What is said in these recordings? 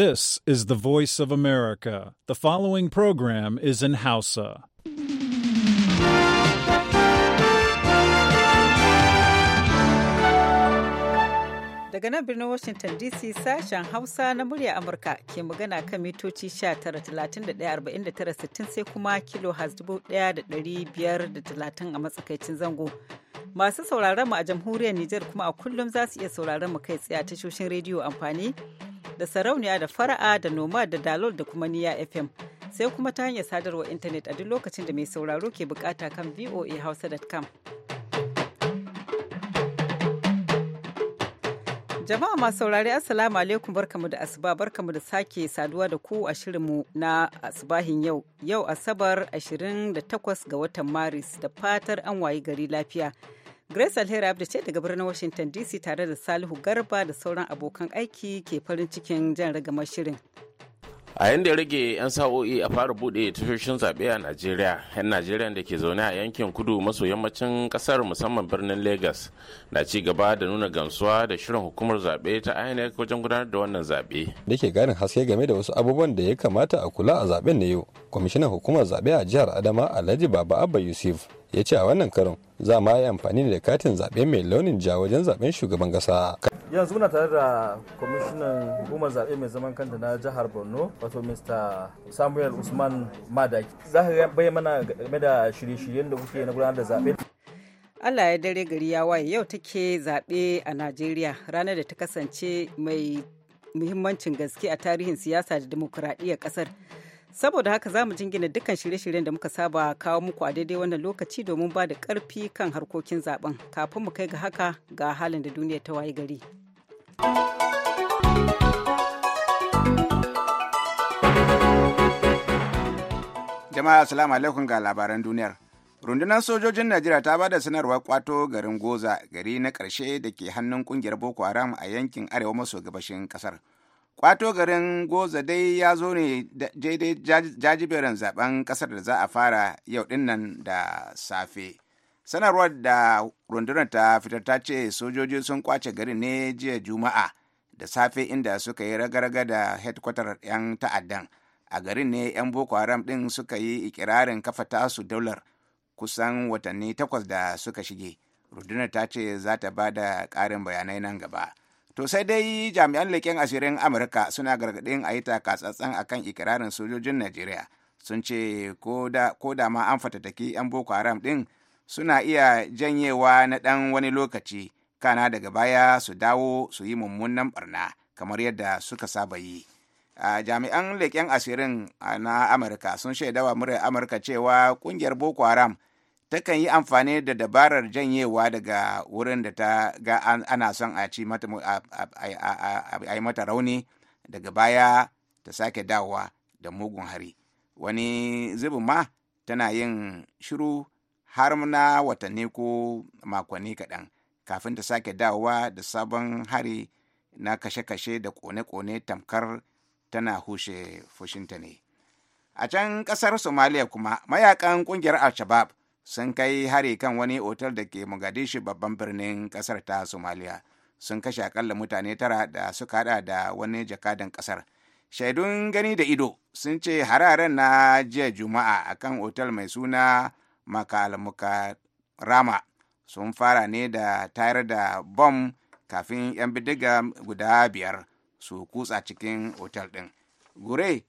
This is the voice of America. The following program is in Hausa. Daga nan birnin Washington DC sashen Hausa na murya Amurka ke magana kan mitoci 19,31,49,60 sai kuma kilo 1,530 a matsakaicin zango. Masu sauraron mu a jamhuriyar Nijar kuma a kullum za su iya sauraron mu kai tsaye a tashoshin rediyo amfani da sarauniya da fara'a da noma da dalol da kuma niya fm sai kuma ta hanyar sadarwar intanet a duk lokacin da mai sauraro ke bukata kan voahausa.com jama'a masu saurari assalamu alaikum barkamu da asuba barkamu da sake saduwa da ku a shirinmu na asubahin yau yau asabar 28 ga watan maris da fatar an wayi gari lafiya Grace Alheri Abdi ce daga birnin Washington DC tare da Salihu Garba da sauran abokan aiki ke farin cikin jan ragamar shirin. a yadda rage 'yan sa'o'i a fara bude tashoshin zaɓe a najeriya 'yan najeriya da ke zaune a yankin kudu maso yammacin ƙasar musamman birnin lagos na ci gaba da nuna gamsuwa da shirin hukumar zaɓe ta inec wajen gudanar da wannan zaɓe da ke ganin haske game da wasu abubuwan da ya kamata a kula a zaɓen na yau kwamishinan hukumar zaɓe a jihar adama alhaji baba abba yusuf ya ce a wannan karon za ma yi amfani da katin zaɓe mai launin ja wajen zaɓen shugaban ƙasa. yanzu muna tare da kwamishinan hukumar zaɓe mai zaman kanta na jihar borno wato mr samuel usman madaki za ka bayyana mana game da shirye-shiryen da kuke na gudanar da zaɓe Allah ya dare gari ya waye yau take zaɓe a Najeriya ranar da ta kasance mai muhimmancin gaske a tarihin siyasa da demokuraɗiyyar ƙasar. saboda haka za mu jingina dukkan shirye-shiryen da muka saba kawo muku a daidai wannan lokaci domin ba da karfi kan harkokin zaben kafin mu kai ga haka ga halin da duniya ta waye gari jama'a assalamu alaikum ga labaran duniyar rundunar sojojin najeriya ta ba da sanarwa kwato garin goza gari na ƙarshe da ke hannun kungiyar boko haram a yankin arewa maso gabashin ƙasar. kasar Kwato garin Goza dai ya zo ne daidai jajiberin zaben kasar da za a fara yau dinnan da safe. Sanarwar da rundunar ta fitar ta ce sojoji sun kwace garin ne jiya Juma'a da safe inda suka yi ragaraga da hedkwatar 'yan ta'addan. A garin ne 'yan Boko Haram din suka yi ikirarin kafa tasu daular kusan watanni takwas da suka shige. Rundunar ta ce za ta ba da ƙarin bayanai nan gaba. To sai dai jami'an leƙen asirin Amurka suna gargaɗin a yi takatsantsan a kan ikirarin sojojin Najeriya. Sun ce ko da ma an fatattaki 'yan Boko Haram ɗin suna iya janyewa na ɗan wani lokaci kana daga baya su dawo su yi mummunan barna kamar yadda suka saba yi. Jami'an leƙen asirin na Amurka sun shaidawa murar Amurka cewa ƙungiyar Boko Haram takan yi amfani da dabarar janyewa daga wurin da ta ga ana son a ci mata a yi mata rauni daga baya ta sake dawowa da mugun hari wani zubin ma tana yin shiru har na watanni ko makonni kaɗan kafin ta sake dawowa da sabon hari na kashe-kashe da kone-kone tamkar tana hushe fushinta ne a can ƙasar somaliya kuma mayakan ƙungiyar al-shabab sun kai hari kan wani otal da ke mogadishu babban birnin kasar ta somaliya sun kashe akalla mutane tara da suka hada da wani jakadan kasar shaidun gani da ido sun ce hararen na jiya juma'a akan otal mai suna makal rama sun fara ne da tayar da bom kafin 'yan bidiga guda biyar su kutsa cikin otal ɗin gure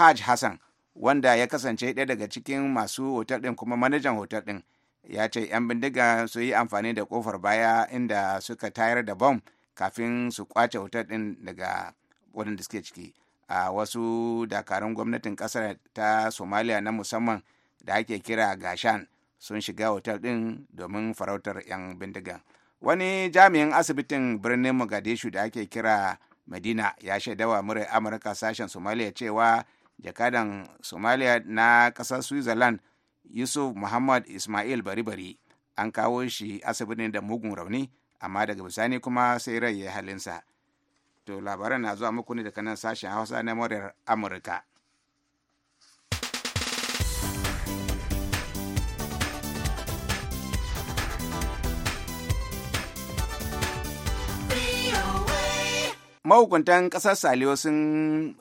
hajj hassan wanda ya kasance ɗaya daga cikin masu hotel ɗin kuma manajan hotel ɗin ya ce 'yan bindiga su yi amfani da kofar baya inda suka tayar da bom kafin su kwace hotel ɗin daga waɗanda suke ciki a wasu dakarun gwamnatin ƙasar ta somalia na musamman da ake kira gashan sun shiga hotel ɗin domin farautar 'yan bindiga wani jami'in asibitin birnin mogadishu da ake kira medina ya shaidawa murai amurka sashen somaliya cewa jakadan somalia na kasar switzerland yusuf muhammad ismail bari-bari an kawo shi asibitin da mugun rauni amma daga bisani kuma sai rai ya halinsa to labaran na zuwa muku ne daga nan sashen hausa na muryar amurka mahukuntan kasar saliyo sun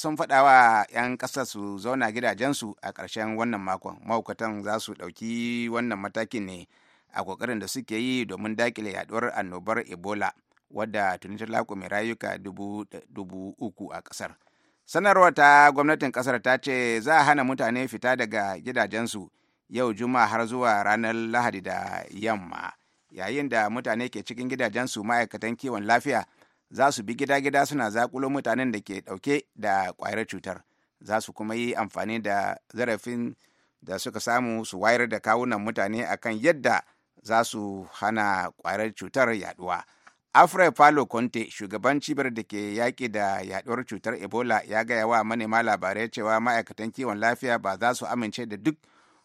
sun faɗa wa 'yan kasar su zauna gidajensu a ƙarshen wannan makon mahukuntan za su ɗauki wannan matakin ne a ƙoƙarin da suke yi domin dakile yaɗuwar annobar ebola wadda tuni ta lakume rayuka dubu uku a ƙasar sanarwar ta gwamnatin ƙasar ta ce za a hana mutane fita daga gidajensu yau juma'a har zuwa ranar lahadi da yamma yayin da mutane ke cikin gidajensu ma'aikatan kiwon lafiya za su bi gida-gida suna zaƙulo mutanen da ke ɗauke da ƙwayar cutar za su kuma yi amfani da zarafin da suka samu su wayar da kawunan mutane akan yadda za su hana ƙwayar cutar yaduwa. afra palo conte shugaban cibiyar da ke yaƙi da yaduwar cutar ebola ya gaya wa manema labarai cewa ma'aikatan kiwon lafiya ba za su amince da duk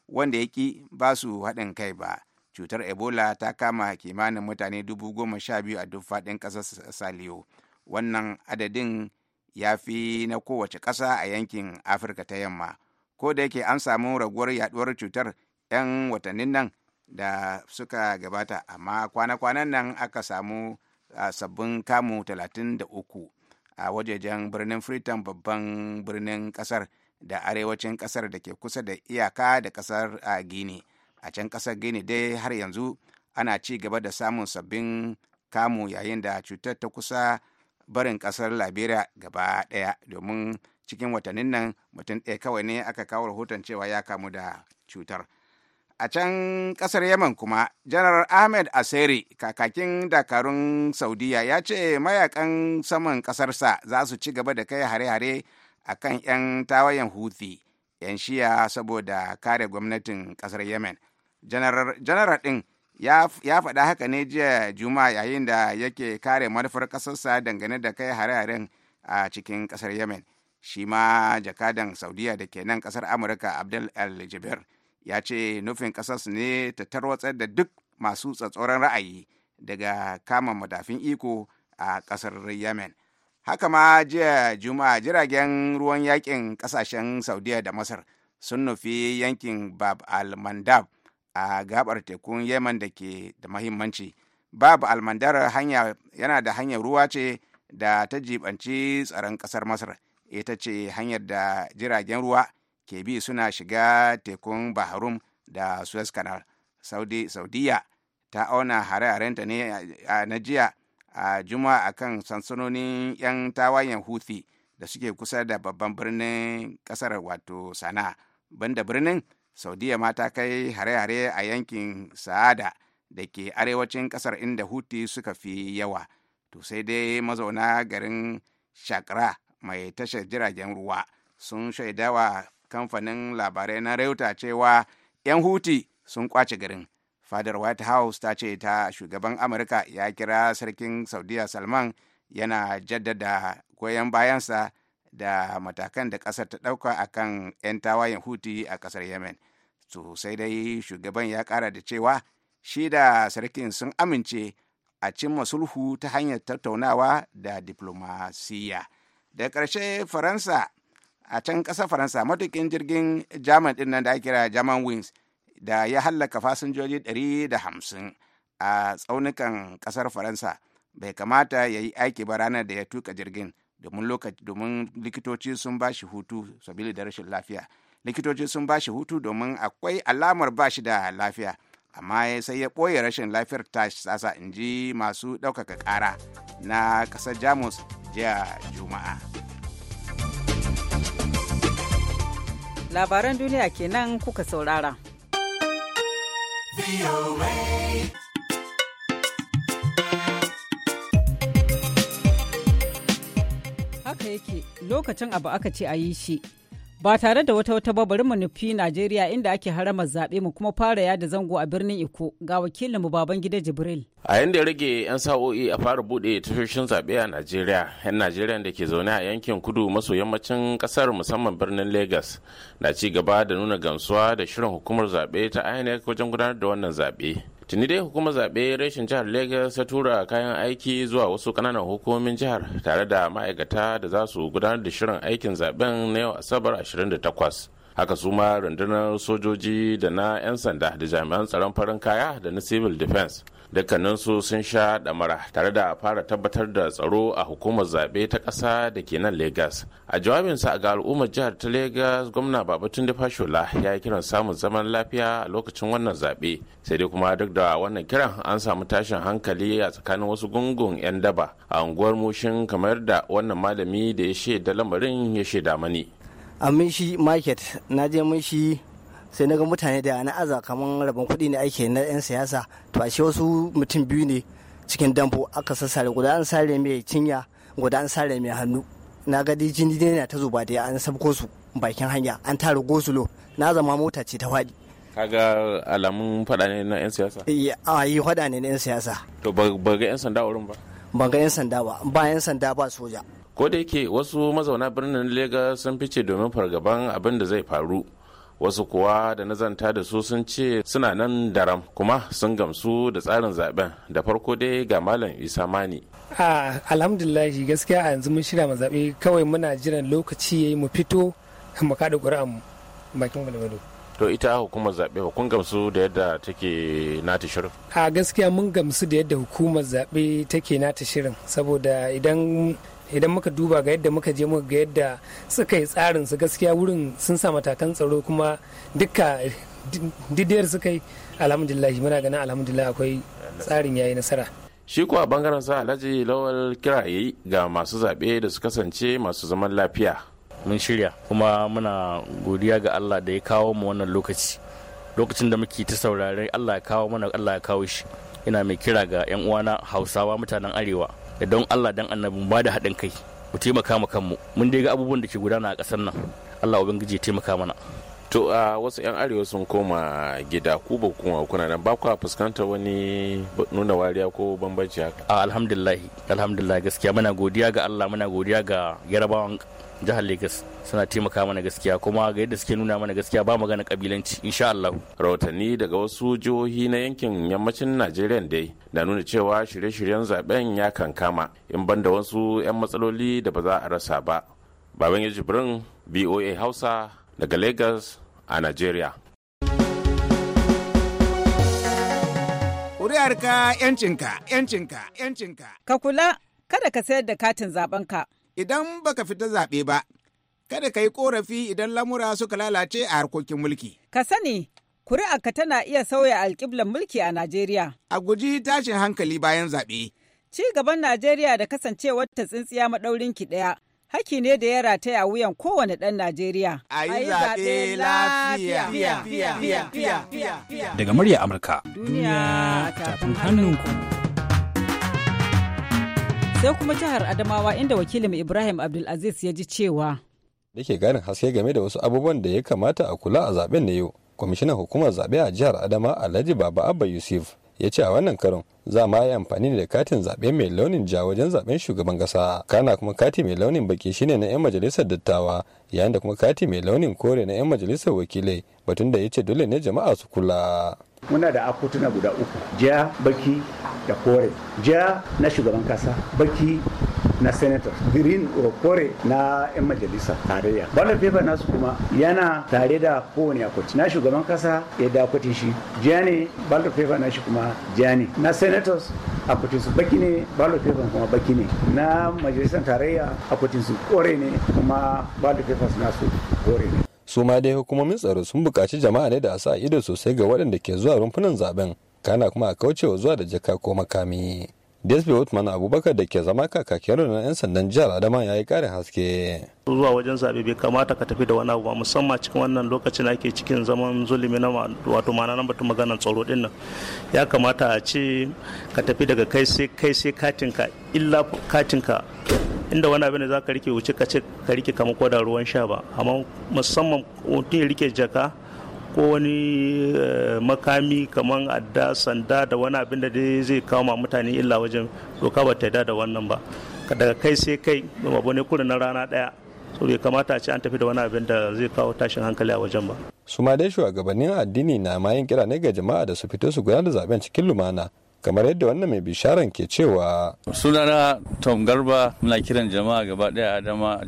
wanda ya ki ba su haɗin kai ba cutar ebola ta kama kimanin mutane dubu goma sha biyu a duk faɗin ƙasar saliyo wannan adadin ya fi na kowace ƙasa a yankin afirka ta yamma ko da yake an samu raguwar yaduwar cutar 'yan watannin nan da suka gabata amma kwana-kwanan nan aka samu sabbin kamu talatin da uku a wajejen birnin freetown babban birnin kasar da arewacin kasar da ke kusa da iyaka da kasar gini a can ƙasar gini dai har yanzu ana ci gaba da samun sabbin kamu yayin da cutar ta kusa barin ƙasar liberia gaba daya domin cikin watannin nan mutum ɗaya kawai ne aka kawo rahoton cewa ya kamu da cutar a can ƙasar yaman kuma janar ahmed aseri kakakin dakarun saudiya ya ce mayakan saman ƙasarsa za su ci gaba da kai hare-hare a kan 'yan tawayen huthi 'yan shiya saboda kare gwamnatin ƙasar yemen janaral din ya faɗa haka ne jiya juma yayin da yake kare manufar ƙasarsa dangane da kai hare-haren a cikin ƙasar yemen shi ma jakadan saudiya da ke nan ƙasar amurka abdul al ya ce nufin ƙasarsu ne ta tarwatsar da duk masu tsatsoron ra'ayi daga kama madafin iko a ƙasar yemen haka ma jiya juma jiragen ruwan yakin ƙasashen saudiya da masar sun nufi yankin bab al-mandab a gabar tekun yemen da ke da mahimmanci babu almandar hanya yana da hanyar ruwa ce da ta jibanci tsaron ƙasar masar ita ce hanyar da jiragen ruwa ke bi suna shiga tekun baharum da suez canal saudi saudiya ta auna hare-harenta ne na jiya a a kan sansanonin 'yan tawayen huthi da suke kusa da babban birnin kasar wato sana'a banda birnin saudiya ma ta kai hare-hare a yankin sa'ada da ke arewacin kasar inda huti suka fi yawa to sai dai mazauna garin shakra mai tashar jiragen ruwa sun shaidawa kamfanin labarai na reuta cewa 'yan huti sun kwace garin fadar white house ta ce ta shugaban amurka ya kira sarkin saudiya salman yana jaddada goyon bayansa da matakan da kasar ta dauka a kan 'yan tawayen huti a kasar yemen sosai dai shugaban ya kara da cewa shi da sarkin sun amince a cimma sulhu ta hanyar tattaunawa da diplomasiya da ƙarshe faransa a can ƙasar faransa matukin jirgin german ɗin nan da ake kira german wings da ya hallaka fasinjoji 150 a tsaunukan ƙasar faransa bai kamata ya yi aiki ba ranar da ya tuka jirgin domin likitoci sun ba shi hutu sabili da rashin lafiya likitoci sun ba shi hutu domin akwai alamar ba shi da lafiya amma sai ya ɓoye rashin lafiyar ta sasa in ji masu ɗaukaka ƙara na ƙasar jamus jiya juma'a labaran duniya kenan kuka saurara. haka yake lokacin abu aka ce a yi shi ba tare da wata wata bari mu nufi Najeriya inda ake harama zaɓe mu kuma fara yada zango a birnin Iko ga wakilin mu baban gida Jibril. A yanda rage 'yan sa'o'i a fara buɗe tashoshin zaɓe a Najeriya, 'yan Najeriya da ke zaune a yankin kudu maso yammacin kasar musamman birnin Legas na ci gaba da nuna gamsuwa da shirin hukumar zaɓe ta INEC wajen gudanar da wannan zaɓe. tuni dai hukumar zaɓe rashin jihar lagos ta tura kayan aiki zuwa wasu kananan hukumomin jihar tare da ma'aikata da za su gudanar da shirin aikin zaben na yau asabar 28 haka su ma rundunar sojoji da na 'yan sanda da jami'an tsaron farin kaya da na civil defense su sun sha ɗamara tare da fara tabbatar da tsaro a hukumar zaɓe ta ƙasa da ke nan Legas. A jawabinsa ga al'ummar jihar ta Legas, gwamna Babatun Fashola ya yi kiran samun zaman lafiya a lokacin wannan zaɓe. Sai dai kuma duk da wannan kiran an samu tashin hankali a tsakanin wasu gungun 'yan daba a unguwar Mushin kamar da wannan malami da ya shaida lamarin ya shaida mani. A Mishi Market, na je Mishi sai na ga mutane da na aza kamar rabon kuɗi ne ake na 'yan siyasa to a wasu mutum biyu ne cikin dambo aka sassare guda an sare mai cinya guda an sare mai hannu na ga dai jini ne ta zuba da an sabko su bakin hanya an tara gosulo na zama mota ce ta faɗi kaga alamun faɗa ne na 'yan siyasa eh, a ah, yi faɗa ne na 'yan siyasa to ba ga 'yan sanda wurin ba ba ga 'yan sanda ba ba 'yan sanda ba soja ko da yake wasu mazauna birnin lagos sun fice domin fargaban abin da zai faru wasu kuwa da nazanta da su sun ce suna nan daram kuma sun gamsu da tsarin zaben da farko dai ga malam isa mani a alhamdulillahi gaskiya a yanzu mun shirya mu zaɓe kawai muna jiran lokaci ya yi mu fito mu kaɗa ƙuri'an mu bakin gwalgwado to ita hukumar zaɓe ba kun gamsu da yadda take nata shirin a gaskiya mun gamsu da yadda hukumar zaɓe take nata shirin saboda idan idan muka duba ga yadda muka je muka ga yadda suka yi tsarin su gaskiya wurin sun sa matakan tsaro kuma duka didiyar suka yi alhamdulillah muna ganin alhamdulillah akwai tsarin yayi nasara shi kuwa bangaren sa alhaji lawal kira ga masu zaɓe da su kasance masu zaman lafiya mun shirya kuma muna godiya ga allah da ya kawo mu wannan lokaci lokacin da muke ta saurare allah ya kawo mana allah ya kawo shi ina mai kira ga yan uwana hausawa mutanen arewa da don allah dan annabi mu bada haɗin kai mu taimaka mu kanmu mun dai ga abubuwan da ke gudana a ƙasar nan allah ubangiji ya taimaka mana to a wasu 'yan arewa sun koma gida ku ba kuma kuna nan ba ku fuskanta wani nuna wariya ko bambanci haka a alhamdulillah alhamdulillah gaskiya muna godiya ga Allah muna godiya ga yarabawan jihar Legas suna taimaka mana gaskiya kuma ga yadda suke nuna mana gaskiya ba magana kabilanci insha Allah. Rahotanni daga wasu jihohi na yankin yammacin Najeriya dai na nuna cewa shirye-shiryen zaben ya kankama in banda wasu 'yan matsaloli da ba za a rasa ba. Baban ya jibrin boa Hausa daga Legas a Najeriya. ka 'yancinka, 'yancinka, 'yancinka. Ka kula kada ka sayar da katin zaben ka. idan baka fita zaɓe ba kada ka yi ƙorafi idan lamura suka lalace a harkokin mulki. Ka sani, ka tana iya sauya alƙiblar mulki a Najeriya. A guji tashin hankali bayan zaɓe. Ci gaban Najeriya da kasance wata tsintsiya maɗaurin ki ɗaya. Haki ne da ya rataya a wuyan kowane ɗan Najeriya. A yi zaɓe lafiya. Daga murya Amurka. Duniya tafin hannunku. sai kuma jihar adamawa inda wakilin ibrahim abdulaziz ya ji cewa da ke ganin haske game da wasu abubuwan da ya kamata a kula a zaben na yau kwamishinan hukumar zaɓe a jihar adama alhaji baba abba yusuf ya ce a wannan karon za ma yi amfani da katin zaɓe mai launin ja wajen zaɓen shugaban ƙasa kana kuma kati mai launin baki shine na 'yan majalisar dattawa yayin da kuma kati mai launin kore na 'yan majalisar wakilai batun da ya ce dole ne jama'a su kula muna da akutuna guda uku ja baki da kore ja na shugaban kasa baki na senator green kore na 'yan majalisa tarayya ballot paper nasu kuma yana tare da kowane akwati na shugaban kasa ya da akwatin shi ja ne ballot paper na kuma ja ne na senators akwatin su baki ne ballot paper kuma baki ne na majalisar tarayya akwatin su kore ne kuma ballot papers nasu kore ne su ma dai hukumomin tsaro sun buƙaci jama'a ne da a sa ido sosai ga waɗanda ke zuwa rumfunan zaben kana kuma a kaucewa zuwa da jaka ko makami Desbe Hotman Abubakar da ke zama kakakin na 'yan sandan jihar Adama ya yi ƙarin haske. Zuwa wajen zaɓe bai kamata ka tafi da wani abu ba musamman cikin wannan lokacin ake cikin zaman zulumi na wato ma'ana na batun maganar tsaro ɗin nan. Ya kamata a ce ka tafi daga kai sai kai sai katinka illa katinka inda wani abin da za ka rike wuce ka ce ka rike kama ko da ruwan sha ba amma musamman mutum ya rike jaka ko wani eh, makami kamar adda sanda da wani abin da zai kawo kama mutane illa wajen doka ba ta da wannan ba daga kai sai kai ba ne kurin na rana daya so bai kamata a ce an tafi da wani abin da zai kawo tashin hankali a wajen ba su ma dai shugabannin addini na mayin kira ne ga jama'a da su fito su gudanar da zaben cikin lumana kamar yadda wannan mai bisharan ke cewa sunana tom garba muna kiran jama'a gaba daya adama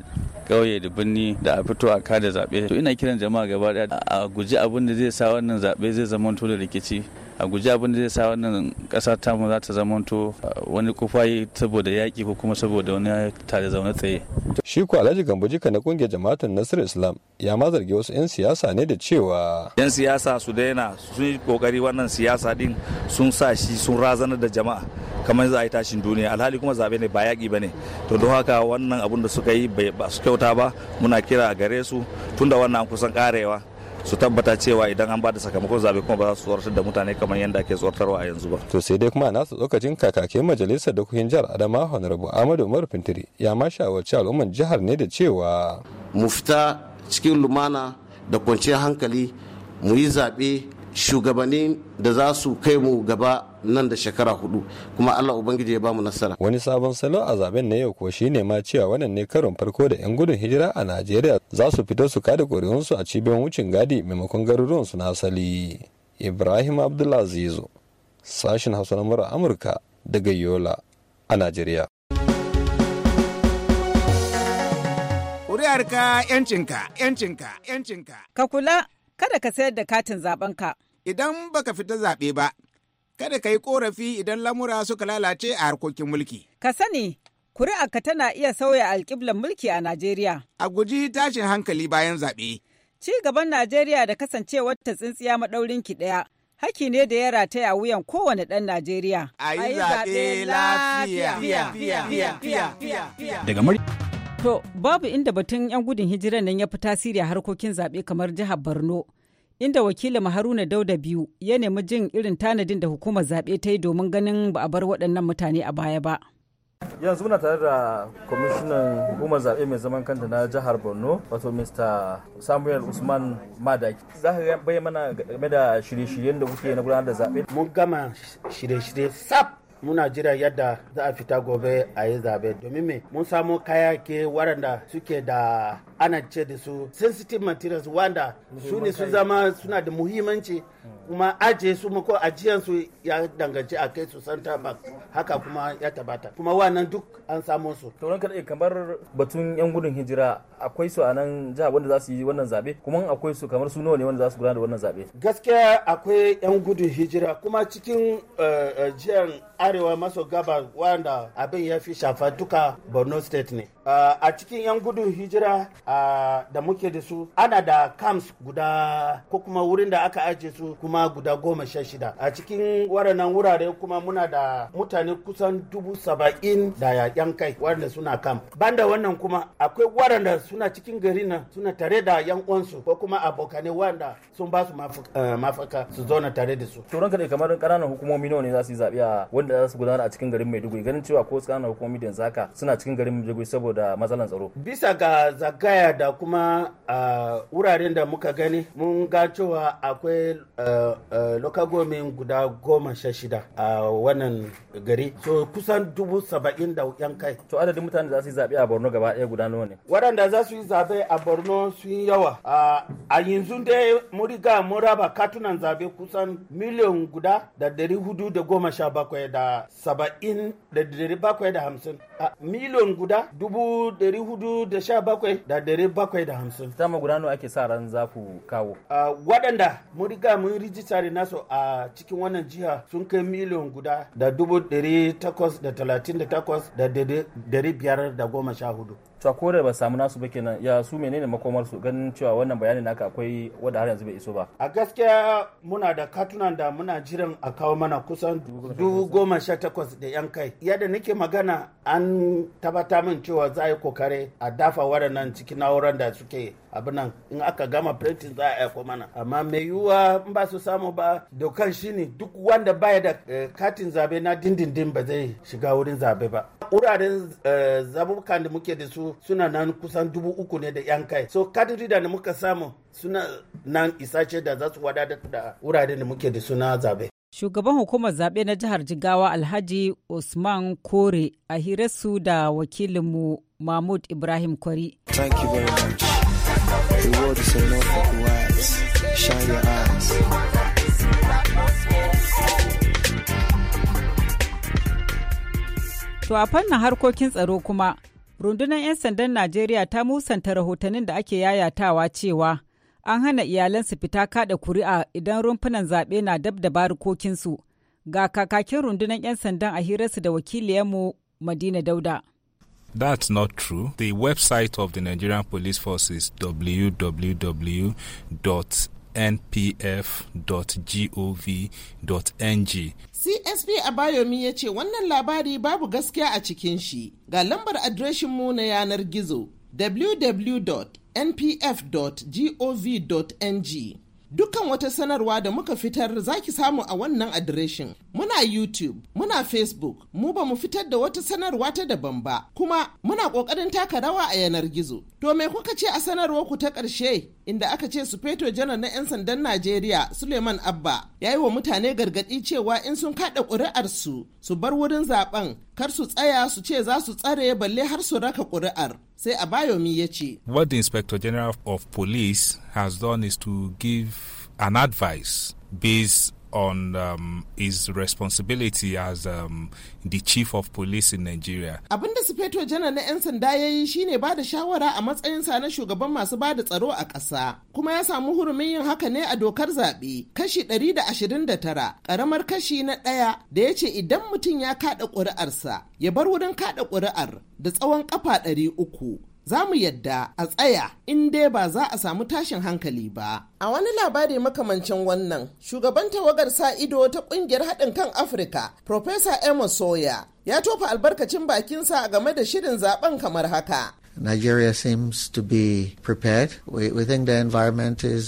kauye da birni da a fito a kada zaɓe to ina kiran jama'a gaba daya a guji abin da zai sa wannan zaɓe zai zama da rikici a guji abin da zai sa wannan kasa ta mu za ta to uh, wani kufayi saboda yaƙi ko kuma saboda wani tare zaune tsaye. Shi ko Alhaji Gambojika na kungiyar jama'atin Nasiru Islam ya ma zargi wasu 'yan siyasa ne da cewa. 'Yan siyasa su daina sun yi kokari wannan siyasa din sun sa shi sun razanar da jama'a kamar za a yi tashin duniya alhali kuma zaɓe ne ba yaƙi ba ne to don haka wannan abun da suka yi ba su kyauta ba muna kira a gare su tunda wannan kusan karewa su tabbata cewa idan an ba da sakamakon zaɓe kuma ba za su tsoratar da mutane kamar yadda ake tsoratarwa a yanzu ba. To sai dai kuma nasu tsokacin kakakin majalisar kuhin jihar Adama Honorable Ahmadu Umar Fintiri ya ma shawarci al'umman jihar ne da cewa. Mu fita cikin lumana da kwanciyar hankali mu yi zaɓe shugabannin da za su kai mu gaba nan da shekara hudu kuma Allah ubangiji ya bamu nasara wani sabon salo a zaben na yau kuwa shine ma cewa wannan ne karon farko da yan gudun hijira a Najeriya za su fito su kada ƙuri'unsu a cibiyar wucin gadi maimakon garuruwan su na asali Ibrahim Abdulaziz Sashen Hausa na mura Amurka daga Yola a Najeriya Kuri'arka 'yancinka, 'yancinka, 'yancinka. Ka kula, kada ka sayar da katin ka. Idan baka fita zaɓe ba, kada ka yi korafi idan lamura suka lalace a harkokin mulki. Ka sani, ka tana iya sauya alƙiblar mulki a Najeriya. A guji tashin hankali bayan zaɓe. Ci gaban Najeriya da kasancewar ta tsintsiya maɗaurin ki ɗaya. Haki ne da ya rataya wuyan kowane ɗan Najeriya. A yi zaɓe lafiya. To, babu inda batun 'yan gudun hijiran nan ya fi tasiri a harkokin zaɓe kamar jihar Borno. inda wakilin Haruna Dauda biyu ya nemi jin irin tanadin da hukumar zaɓe ta yi domin ganin ba a bar waɗannan mutane a baya ba. yanzu muna tare da kwamishinan hukumar zaɓe mai zaman kanta na jihar borno wato mr samuel usman madaki za ka bayyana mana game da shirye-shiryen da kuke na gudanar da zaɓe mun gama shirye-shirye sab muna jira yadda za a fita gobe a yi zabe domin me mun samo ke waɗanda suke da ana ce da su sensitive materials wanda su ne su zama suna da muhimmanci kuma ajiye su ko ajiyan su ya danganci a kai su santa ba haka kuma ya tabata kuma wannan duk an samu su to ranka kamar batun yan gudun hijira akwai su a nan jiha wanda za su yi wannan zabe kuma akwai su kamar su nawa ne wanda za su gudanar da wannan zabe gaskiya akwai yan gudun hijira kuma cikin eh, eh, jihar arewa maso gaba wanda abin ya fi shafa duka borno state ne eh, a cikin yan gudun hijira da muke da su ana da camps guda ko kuma wurin da aka ajiye su kuma guda goma sha shida a cikin waɗannan wurare kuma muna da mutane kusan dubu saba'in da yan kai waɗanda suna kam banda wannan kuma akwai waɗanda suna cikin gari nan suna tare da yan uwansu ko kuma abokanai waɗanda sun ba su mafaka eh, su zauna tare da su turan kaɗai kamar ƙananan hukumomi nawa ne za su yi zaɓe a wanda za su gudanar a cikin garin maiduguri ganin cewa ko ƙananan hukumomi da zaka suna cikin garin maiduguri saboda matsalan tsaro bisa ga zagaya da kuma ah, wuraren da muka gani mun ga cewa akwai Uh, local government guda goma sha shida a wannan gari so kusan dubu saba'in da yan kai to adadin mutane za su yi zaɓe a borno gaba ɗaya guda nawa ne waɗanda za su yi zaɓe a borno sun yawa a yanzu dai muriga muraba katunan zaɓe kusan miliyan guda da dari hudu da goma sha bakwai da saba'in da dari bakwai da hamsin miliyan guda dubu dari hudu da sha bakwai da dari bakwai da hamsin. Tama guda nawa ake sa ran za ku kawo. Waɗanda muriga. mun rijista da nasu a cikin wannan jiha sun kai miliyan guda da dubu dari takwas da talatin da takwas da dari biyar da goma sha hudu. to ko da ba samu nasu ba kenan ya su menene makomar su ganin cewa wannan bayanin naka akwai wanda har yanzu bai iso ba a gaskiya muna da katunan da muna jiran a kawo mana kusan dubu goma sha takwas da yan kai yadda nake magana an tabbata min cewa za a yi kokare a dafa waɗannan cikin na'urar da suke a nan in aka gama printing za a aiko mana amma mai yiwuwa in ba su samu ba dokan shine duk wanda baya da eh, katin zabe na dindindin ba zai shiga wurin zabe ba wuraren eh, zabukan da muke da su suna nan kusan dubu uku ne da yan kai so kadiri da muka samu suna nan isace da za su wadatar da wuraren da muke da suna zabe Shugaban hukumar zaɓe na jihar Jigawa Alhaji Usman Kore a hirarsu da wakilinmu Mahmud Ibrahim Kwari. Thank you very much. The world is wise. To a fannin harkokin tsaro kuma, rundunar 'yan sandan Najeriya ta musanta rahotannin da ake yayatawa cewa an hana iyalansu fita kada kuri'a idan rumfunan zaɓe na dab da barikokinsu. Ga kakakin rundunar 'yan sandan a hirarsu da wakiliyanmu Madina Dauda. That's not true. The website of the Nigerian Police Force is www npf.gov.ng. CSP Abayomi ya ce wannan labari babu gaskiya a cikin shi ga lambar adireshinmu na yanar gizo www.npf.gov.ng. Dukkan wata sanarwa da muka fitar za ki samu a wannan adireshin. Muna YouTube, muna Facebook, mu ba mu fitar da wata sanarwa ta daban ba, kuma muna ƙoƙarin taka rawa a yanar gizo. To me kuka ce a sanarwar ku ta ƙarshe? inda aka ce su feto janar na 'yan sandan Najeriya Suleiman Abba ya yi wa mutane gargaɗi cewa in sun kaɗa ƙuri'arsu su bar wurin zaben kar su tsaya su ce za su tsare balle har su raka ƙuri'ar. Sai a Abayomi ya ce. What the Inspector General of Police has done is to give an advice based on um, his responsibility as um, the chief of police in Nigeria. Abin da Sufeto janar na 'yan sanda ya yi shine ba da shawara a matsayinsa na shugaban masu ba da tsaro a ƙasa, kuma ya samu hurumin yin haka ne a dokar zaɓe kashi 129 ƙaramar kashi na ɗaya da ya ce idan mutum ya kaɗa ƙuri'arsa ya bar wurin kaɗa ƙuri'ar da tsawon ƙafa 300. za mu yadda a tsaya in dai ba za a samu tashin hankali ba. A wani labari makamancin wannan, shugaban tawagar sa ido ta kungiyar haɗin kan Afirka, Profesa Emma Soya, ya tofa albarkacin bakinsa game da shirin zaben kamar haka. Nigeria seems to be prepared. We, we think the environment is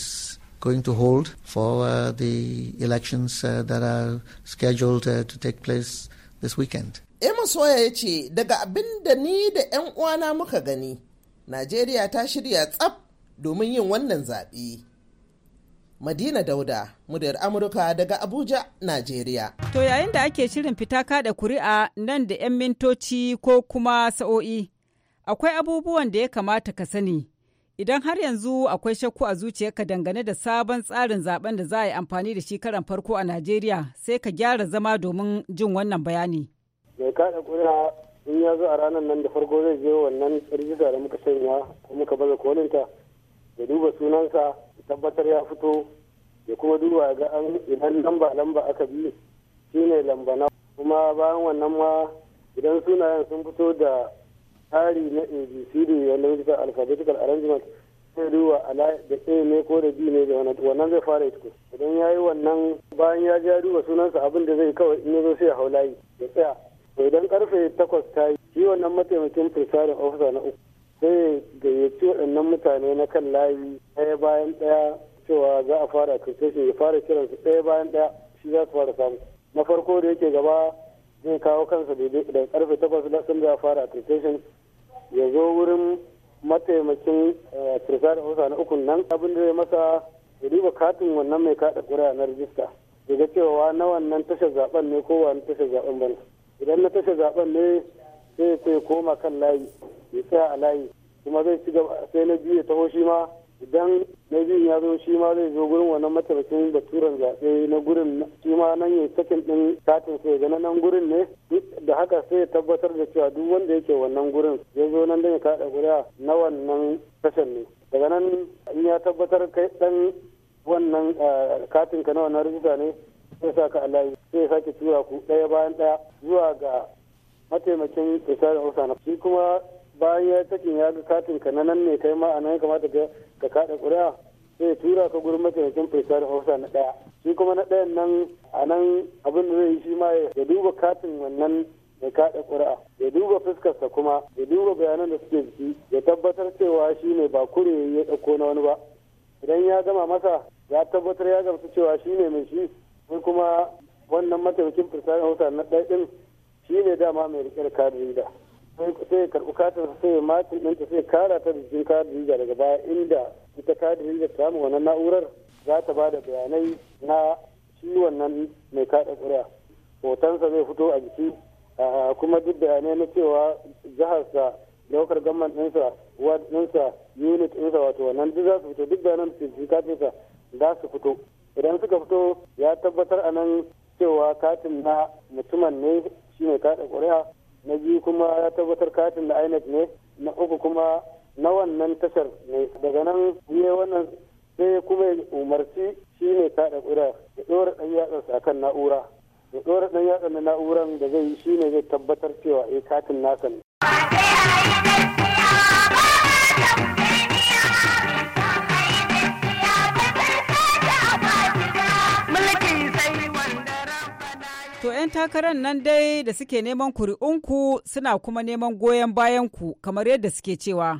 going to hold for uh, the elections uh, that are scheduled uh, to take place this weekend. Emma Soya ya ce, daga abin da ni da 'yan uwana muka gani, najeriya ta shirya tsaf domin yin wannan zaɓe madina dauda muryar amurka daga abuja najeriya to yayin da ake shirin fita kada kuri'a nan da 'yan mintoci ko kuma sa'o'i akwai abubuwan da ya kamata ka sani idan har yanzu akwai shakku a ka dangane da sabon tsarin zaben da za a yi amfani da shi karan farko a najeriya sai ka gyara zama domin jin wannan bayani mai kada kuri'a in ya zo a ranar nan da farko zai je wannan rijista da muka sanya ko muka baza kolinta ya duba sunansa tabbatar ya fito ya kuma duba ga an idan lamba lamba aka bi shine lamba na kuma bayan wannan ma idan sunayen sun fito da tsari na abcd wanda muke sa alphabetical arrangement sai duba ala da a ne ko da b ne da wannan zai fara yi idan ya yi wannan bayan ya ja duba sunansa abin da zai kawai in ya zo sai ya hau layi ya tsaya to idan karfe takwas ta yi shi wannan mataimakin firsarin ofisa na uku sai gayyaci waɗannan mutane na kan layi ɗaya bayan ɗaya cewa za a fara kirkishin ya fara kiransu ɗaya bayan ɗaya shi za su fara samu na farko da yake gaba zai kawo kansa daidai idan karfe takwas na sun za a fara kirkishin ya zo wurin mataimakin firsarin eh, ofisa na uku nan abin da ya masa ya duba katin wannan mai kaɗa ƙuri'a na rijista daga cewa na wannan tashar zaben ne ko wani tashar zaben bane idan na tashi zaben ne sai ya koma kan layi ya tsaya a layi kuma zai ci gaba sai na biyu ya taho shi ma idan na biyu ya zo shi ma zai zo gurin wannan da turan zaɓe na gurin shi ma nan ya sakin ɗin katin sai ga nan gurin ne da haka sai ya tabbatar da cewa duk wanda yake wannan gurin ya zo nan da ya kaɗa guda na wannan ne daga nan in ya tabbatar kai ɗan wannan eh, katin ka na wannan rijista ne zai sa ka alayi zai sake tura ku ɗaya bayan ɗaya zuwa ga mataimakin isarin hausa na shi kuma bayan ya ya ga katin ka na nan ne kai ma a nan kamata ka kaɗa ƙuri'a sai tura ka gurin mataimakin isarin hausa na ɗaya shi kuma na ɗayan nan a nan abin da zai yi shi ma ya duba katin wannan mai kaɗa ƙuri'a ya duba fuskarsa kuma ya duba bayanan da suke jiki ya tabbatar cewa shi ne ba kure ya ɗauko na wani ba idan ya gama masa ya tabbatar ya gamsu cewa shi ne mai shi sai kuma wannan mataimakin firsayin hausa na ɗaya ɗin shi ne dama mai riƙe da kadin rida sai karɓi katin sai matin ɗinta sai kara ta jikin kadin rida daga baya inda ita kadin rida ta samu wannan na'urar za ta ba da bayanai na shi wannan mai kaɗa ƙuri'a hotonsa zai fito a jiki kuma duk bayanai na cewa jiharsa daukar gamman ɗinsa ward ɗinsa unit ɗinsa wato wannan duk za su fito duk bayanan da jikin katinsa za su fito idan suka fito ya tabbatar a nan cewa katin na mutumin ne shi ne kada ƙuri'a na biyu kuma ya tabbatar katin na inec ne na uku kuma na wannan tashar ne daga nan ya wannan sai kuma ya umarci shi ne kada ƙuri'a ya ɗora ɗan yatsarsa akan na'ura ya ɗora ɗan yatsar na na'uran da zai yi shi ne zai tabbatar cewa eh katin nasa ne 'yan takarar nan dai da suke neman kuri'unku suna kuma neman goyon bayanku kamar yadda suke cewa.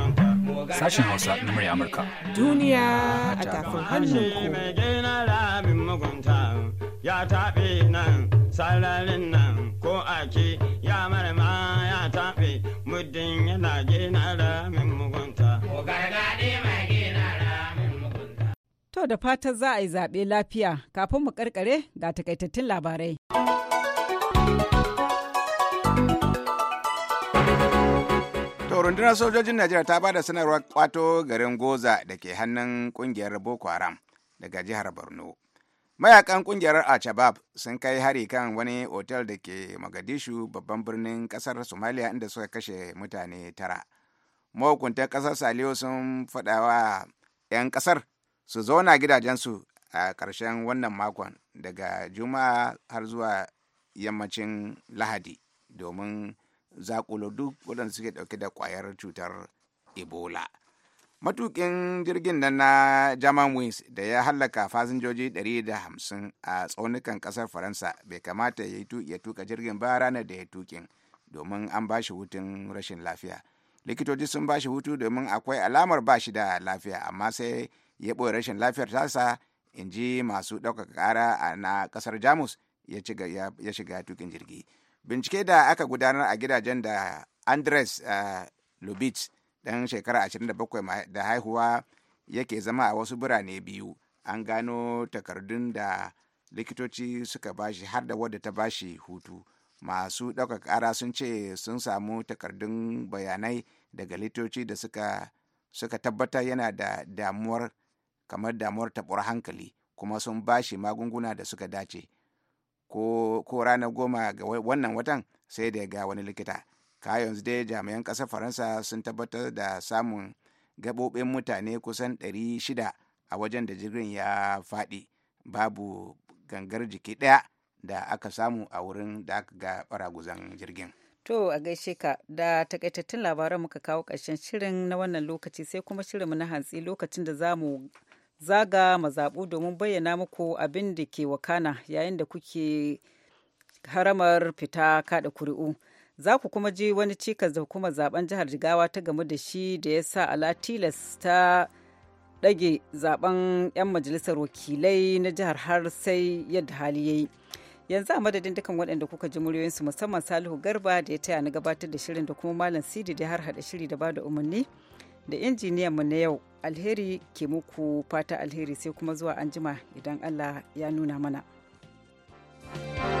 sashen Hausa na murya Amurka. Duniya a tafin hannunku. Ya taɓe nan, sararin nan, ko ake ya marama ya taɓe muddin yana gina ramin mugunta. gina ramin mugunta. To da fatan za a yi zaɓe lafiya kafin mu karkare ga takaitattun labarai. rundunar sojojin Najeriya ta bada sanarwar kwato garin Goza da ke hannun kungiyar Boko Haram daga jihar Borno. Mayakan kungiyar al shabab sun kai hari kan wani otel da ke magadishu babban birnin kasar Somalia inda suka kashe mutane tara. Mahukuntar kasar Saliyo sun faɗa 'yan kasar su zauna gidajensu a ƙarshen wannan makon daga Juma'a har zuwa yammacin Lahadi domin zakulo duk waɗanda suke ɗauke da ƙwayar cutar ebola matukin jirgin nan na german wings da ya hallaka fasinjoji 150 a tsaunukan ƙasar faransa bai kamata ya tuka jirgin ba ranar da ya tukin domin an ba shi hutun rashin lafiya likitoci sun ba shi hutu domin akwai alamar ba shi da lafiya amma sai ya ɓoye rashin lafiyar tasa in ji masu ɗaukaka ƙara na ƙasar jamus ya shiga tukin jirgi bincike da aka gudanar a gidajen da andres eh, lubitz ɗan shekara 27 da haihuwa yake zama a wasu birane biyu an gano takardun da likitoci suka bashi har da wadda ta bashi hutu masu ɗaukar ƙara sun ce sun samu takardun bayanai daga likitoci da suka suka tabbata yana da damuwar kamar damuwar taɓar hankali kuma sun bashi magunguna da suka dace ko rana goma ga wannan watan sai da ga wani likita ka yanzu dai jami'an ƙasar faransa sun tabbatar da samun gaɓoɓin mutane kusan 600 a wajen da jirgin ya faɗi babu gangar jiki ɗaya da aka samu a wurin da aka ga baraguzan jirgin To a gaishe ka da takaitattun labaran muka kawo ƙarshen shirin na wannan lokaci sai kuma shirin mu na hantsi lokacin da za mu zaga mazaɓu domin bayyana muku abin da ke wakana yayin da kuke haramar fita kaɗa kuri'u. Za ku kuma ji wani cikas da hukumar zaben jihar Jigawa ta gamu da shi da ya sa ala tilas ta ɗage zaben 'yan majalisar wakilai na jihar har sai yadda hali ya yi. yanzu a madadin dukan waɗanda kuka ji muryoyinsu musamman salihu garba da ya taya na gabatar da shirin da kuma malam sidi da har hada shiri da ba da umarni da injiniyan mu na yau alheri ke muku fata alheri sai kuma zuwa anjima idan allah ya nuna mana. thank you